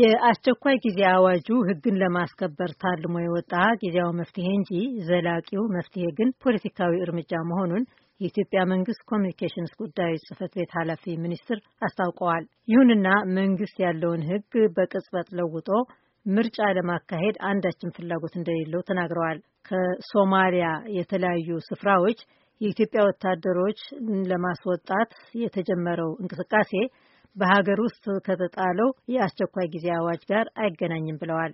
የአስቸኳይ ጊዜ አዋጁ ሕግን ለማስከበር ታልሞ የወጣ ጊዜያዊ መፍትሄ እንጂ ዘላቂው መፍትሄ ግን ፖለቲካዊ እርምጃ መሆኑን የኢትዮጵያ መንግስት ኮሚኒኬሽንስ ጉዳዮች ጽህፈት ቤት ኃላፊ ሚኒስትር አስታውቀዋል። ይሁንና መንግስት ያለውን ሕግ በቅጽበት ለውጦ ምርጫ ለማካሄድ አንዳችም ፍላጎት እንደሌለው ተናግረዋል። ከሶማሊያ የተለያዩ ስፍራዎች የኢትዮጵያ ወታደሮች ለማስወጣት የተጀመረው እንቅስቃሴ በሀገር ውስጥ ከተጣለው የአስቸኳይ ጊዜ አዋጅ ጋር አይገናኝም ብለዋል።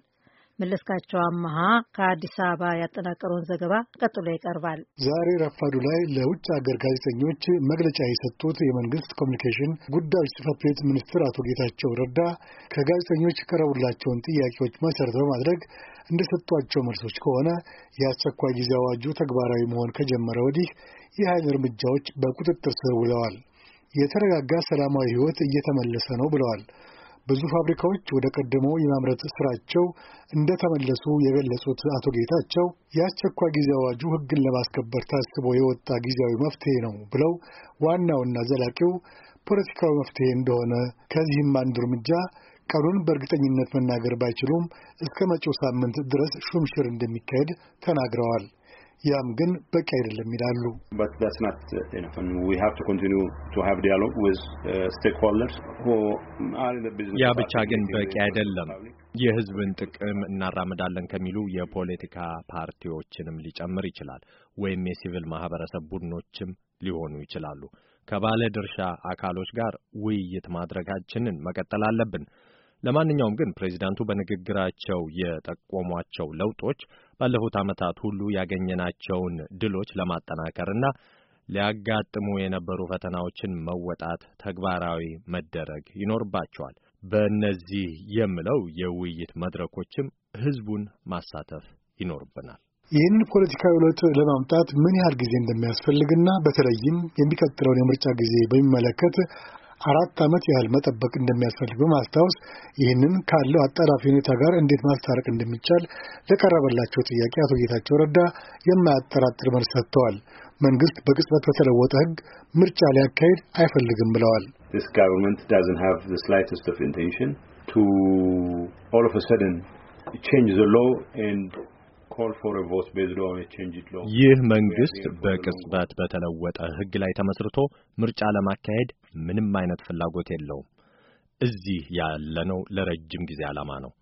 መለስካቸው አመሃ ከአዲስ አበባ ያጠናቀረውን ዘገባ ቀጥሎ ይቀርባል። ዛሬ ረፋዱ ላይ ለውጭ ሀገር ጋዜጠኞች መግለጫ የሰጡት የመንግስት ኮሚኒኬሽን ጉዳዮች ጽህፈት ቤት ሚኒስትር አቶ ጌታቸው ረዳ ከጋዜጠኞች የቀረቡላቸውን ጥያቄዎች መሰረት በማድረግ እንደሰጧቸው መልሶች ከሆነ የአስቸኳይ ጊዜ አዋጁ ተግባራዊ መሆን ከጀመረ ወዲህ የኃይል እርምጃዎች በቁጥጥር ስር ውለዋል። የተረጋጋ ሰላማዊ ሕይወት እየተመለሰ ነው ብለዋል። ብዙ ፋብሪካዎች ወደ ቀድሞ የማምረት ስራቸው እንደተመለሱ የገለጹት አቶ ጌታቸው የአስቸኳይ ጊዜ አዋጁ ሕግን ለማስከበር ታስቦ የወጣ ጊዜያዊ መፍትሄ ነው ብለው ዋናውና ዘላቂው ፖለቲካዊ መፍትሄ እንደሆነ ከዚህም አንዱ እርምጃ ቀኑን በእርግጠኝነት መናገር ባይችሉም እስከ መጪው ሳምንት ድረስ ሹምሽር እንደሚካሄድ ተናግረዋል። ያም ግን በቂ አይደለም ይላሉ። uh, ያ ብቻ ግን በቂ አይደለም። የሕዝብን ጥቅም እናራምዳለን ከሚሉ የፖለቲካ ፓርቲዎችንም ሊጨምር ይችላል፣ ወይም የሲቪል ማህበረሰብ ቡድኖችም ሊሆኑ ይችላሉ። ከባለ ድርሻ አካሎች ጋር ውይይት ማድረጋችንን መቀጠል አለብን። ለማንኛውም ግን ፕሬዚዳንቱ በንግግራቸው የጠቆሟቸው ለውጦች ባለፉት ዓመታት ሁሉ ያገኘናቸውን ድሎች ለማጠናከርና ሊያጋጥሙ የነበሩ ፈተናዎችን መወጣት ተግባራዊ መደረግ ይኖርባቸዋል። በእነዚህ የምለው የውይይት መድረኮችም ህዝቡን ማሳተፍ ይኖርብናል። ይህንን ፖለቲካዊ ለውጥ ለማምጣት ምን ያህል ጊዜ እንደሚያስፈልግና በተለይም የሚቀጥለውን የምርጫ ጊዜ በሚመለከት አራት ዓመት ያህል መጠበቅ እንደሚያስፈልግ በማስታወስ ይህንን ካለው አጣዳፊ ሁኔታ ጋር እንዴት ማስታረቅ እንደሚቻል ለቀረበላቸው ጥያቄ አቶ ጌታቸው ረዳ የማያጠራጥር መልስ ሰጥተዋል። መንግስት በቅጽበት በተለወጠ ህግ ምርጫ ሊያካሄድ አይፈልግም ብለዋል። ይህ መንግስት በቅጽበት በተለወጠ ህግ ላይ ተመስርቶ ምርጫ ለማካሄድ ምንም አይነት ፍላጎት የለውም። እዚህ ያለነው ለረጅም ጊዜ ዓላማ ነው።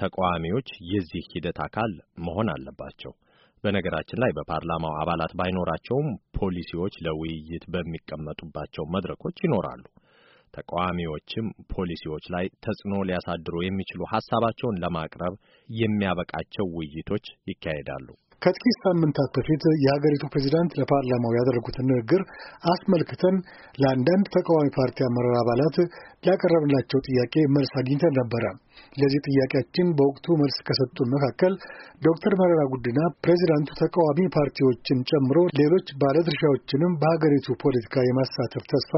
ተቃዋሚዎች የዚህ ሂደት አካል መሆን አለባቸው። በነገራችን ላይ በፓርላማው አባላት ባይኖራቸውም ፖሊሲዎች ለውይይት በሚቀመጡባቸው መድረኮች ይኖራሉ። ተቃዋሚዎችም ፖሊሲዎች ላይ ተጽዕኖ ሊያሳድሩ የሚችሉ ሀሳባቸውን ለማቅረብ የሚያበቃቸው ውይይቶች ይካሄዳሉ። ከጥቂት ሳምንታት በፊት የሀገሪቱ ፕሬዚዳንት ለፓርላማው ያደረጉትን ንግግር አስመልክተን ለአንዳንድ ተቃዋሚ ፓርቲ አመራር አባላት ያቀረብላቸው ጥያቄ መልስ አግኝተን ነበረ። ለዚህ ጥያቄያችን በወቅቱ መልስ ከሰጡን መካከል ዶክተር መረራ ጉዲና ፕሬዚዳንቱ ተቃዋሚ ፓርቲዎችን ጨምሮ ሌሎች ባለድርሻዎችንም በሀገሪቱ ፖለቲካ የማሳተፍ ተስፋ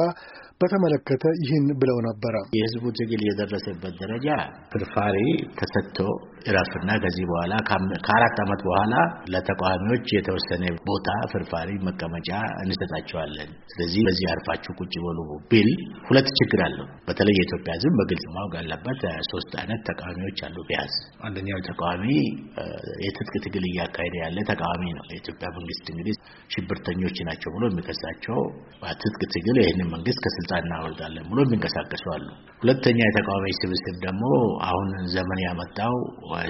በተመለከተ ይህን ብለው ነበረ። የህዝቡ ትግል የደረሰበት ደረጃ ፍርፋሪ ተሰጥቶ እረፍና ከዚህ በኋላ ከአራት ዓመት በኋላ ለተቃዋሚዎች የተወሰነ ቦታ ፍርፋሪ መቀመጫ እንሰጣቸዋለን፣ ስለዚህ በዚህ አርፋችሁ ቁጭ በሉ ቢል ሁለት ችግር አለው። በተለይ የኢትዮጵያ ህዝብ በግልጽ ማወቅ ያለበት ሶስት አይነት ተቃዋሚዎች አሉ ቢያንስ። አንደኛው ተቃዋሚ የትጥቅ ትግል እያካሄደ ያለ ተቃዋሚ ነው። የኢትዮጵያ መንግስት እንግዲህ ሽብርተኞች ናቸው ብሎ የሚከሳቸው ትጥቅ ትግል ይህንን መንግስት ከስልጣን እናወርዳለን ብሎ የሚንቀሳቀሱ አሉ። ሁለተኛ የተቃዋሚ ስብስብ ደግሞ አሁን ዘመን ያመጣው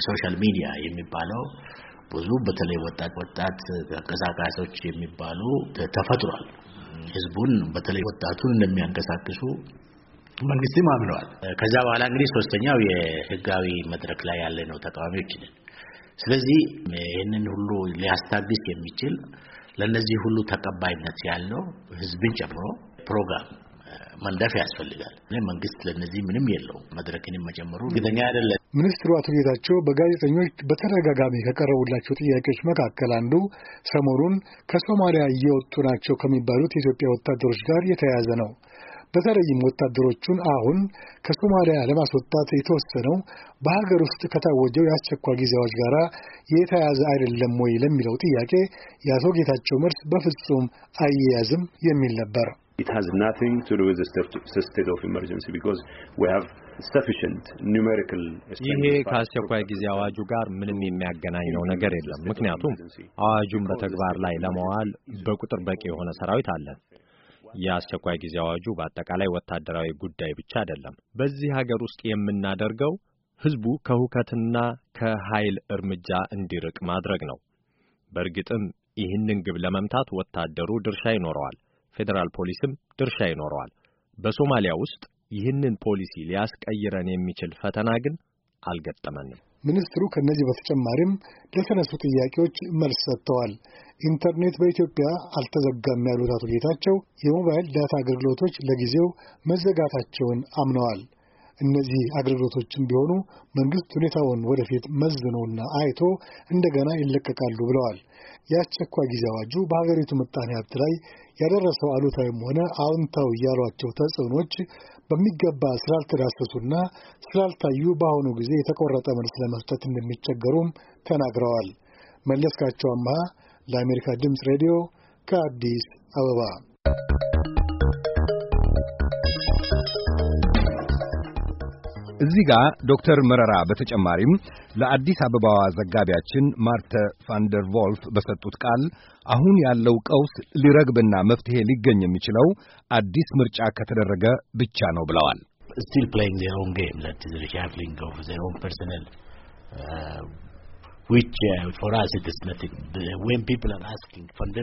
ሶሻል ሚዲያ የሚባለው ብዙ በተለይ ወጣት ወጣት ተንቀሳቃሾች የሚባሉ ተፈጥሯል። ህዝቡን በተለይ ወጣቱን እንደሚያንቀሳቅሱ መንግስትም አምነዋል። ከዛ በኋላ እንግዲህ ሶስተኛው የህጋዊ መድረክ ላይ ያለ ነው ተቃዋሚዎች ነን። ስለዚህ ይህንን ሁሉ ሊያስታግስ የሚችል ለእነዚህ ሁሉ ተቀባይነት ያለው ህዝብን ጨምሮ ፕሮግራም መንደፍ ያስፈልጋል። መንግስት ለእነዚህ ምንም የለው መድረክንም መጨመሩ እርግጠኛ አይደለም። ሚኒስትሩ አቶ ጌታቸው በጋዜጠኞች በተደጋጋሚ ከቀረቡላቸው ጥያቄዎች መካከል አንዱ ሰሞኑን ከሶማሊያ እየወጡ ናቸው ከሚባሉት የኢትዮጵያ ወታደሮች ጋር የተያያዘ ነው። በተለይም ወታደሮቹን አሁን ከሶማሊያ ለማስወጣት የተወሰነው በሀገር ውስጥ ከታወጀው የአስቸኳይ ጊዜ አዋጅ ጋር የተያያዘ አይደለም ወይ ለሚለው ጥያቄ የአቶ ጌታቸው መልስ በፍጹም አያያዝም የሚል ነበር። It has nothing to do with the state of emergency because we have sufficient numerical ይሄ ከአስቸኳይ ጊዜ አዋጁ ጋር ምንም የሚያገናኘው ነገር የለም። ምክንያቱም አዋጁን በተግባር ላይ ለማዋል በቁጥር በቂ የሆነ ሰራዊት አለን። የአስቸኳይ ጊዜ አዋጁ በአጠቃላይ ወታደራዊ ጉዳይ ብቻ አይደለም። በዚህ ሀገር ውስጥ የምናደርገው ህዝቡ ከሁከትና ከኃይል እርምጃ እንዲርቅ ማድረግ ነው። በእርግጥም ይህንን ግብ ለመምታት ወታደሩ ድርሻ ይኖረዋል፣ ፌዴራል ፖሊስም ድርሻ ይኖረዋል። በሶማሊያ ውስጥ ይህንን ፖሊሲ ሊያስቀይረን የሚችል ፈተና ግን አልገጠመንም። ሚኒስትሩ ከእነዚህ በተጨማሪም ለተነሱ ጥያቄዎች መልስ ሰጥተዋል። ኢንተርኔት በኢትዮጵያ አልተዘጋም ያሉት አቶ ጌታቸው የሞባይል ዳታ አገልግሎቶች ለጊዜው መዘጋታቸውን አምነዋል። እነዚህ አገልግሎቶችም ቢሆኑ መንግሥት ሁኔታውን ወደፊት መዝኖና አይቶ እንደገና ይለቀቃሉ ብለዋል። የአስቸኳይ ጊዜ አዋጁ በሀገሪቱ ምጣኔ ሀብት ላይ ያደረሰው አሉታዊም ሆነ አዎንታዊ ያሏቸው ተጽዕኖች በሚገባ ስላልተዳሰሱና ስላልታዩ በአሁኑ ጊዜ የተቆረጠ መልስ ለመስጠት እንደሚቸገሩም ተናግረዋል። መለስካቸው አምሃ ለአሜሪካ ድምፅ ሬዲዮ ከአዲስ አበባ እዚህ ጋር ዶክተር መረራ በተጨማሪም ለአዲስ አበባዋ ዘጋቢያችን ማርተ ፋንደር ቮልፍ በሰጡት ቃል አሁን ያለው ቀውስ ሊረግብና መፍትሄ ሊገኝ የሚችለው አዲስ ምርጫ ከተደረገ ብቻ ነው ብለዋል።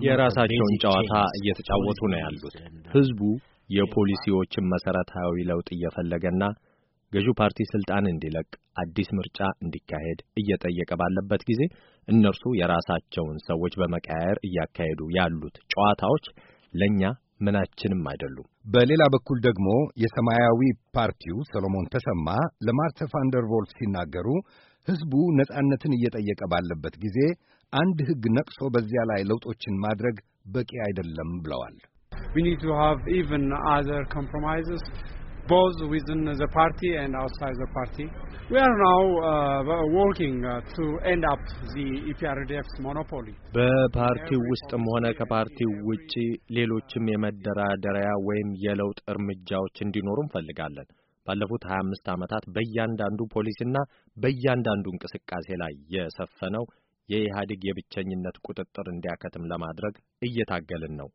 የራሳቸውን ጨዋታ እየተጫወቱ ነው ያሉት። uh, ህዝቡ የፖሊሲዎችን መሰረታዊ ለውጥ እየፈለገና ገዢው ፓርቲ ስልጣን እንዲለቅ አዲስ ምርጫ እንዲካሄድ እየጠየቀ ባለበት ጊዜ እነርሱ የራሳቸውን ሰዎች በመቀያየር እያካሄዱ ያሉት ጨዋታዎች ለእኛ ምናችንም አይደሉም። በሌላ በኩል ደግሞ የሰማያዊ ፓርቲው ሰሎሞን ተሰማ ለማርተ ቮልፍ ሲናገሩ ሕዝቡ ነጻነትን እየጠየቀ ባለበት ጊዜ አንድ ሕግ ነቅሶ በዚያ ላይ ለውጦችን ማድረግ በቂ አይደለም ብለዋል። በፓርቲው ውስጥም ሆነ ከፓርቲው ውጪ ሌሎችም የመደራደሪያ ወይም የለውጥ እርምጃዎች እንዲኖሩ እንፈልጋለን። ባለፉት 25 ዓመታት በእያንዳንዱ ፖሊሲና በእያንዳንዱ እንቅስቃሴ ላይ የሰፈነው የኢህአዴግ የብቸኝነት ቁጥጥር እንዲያከትም ለማድረግ እየታገልን ነው።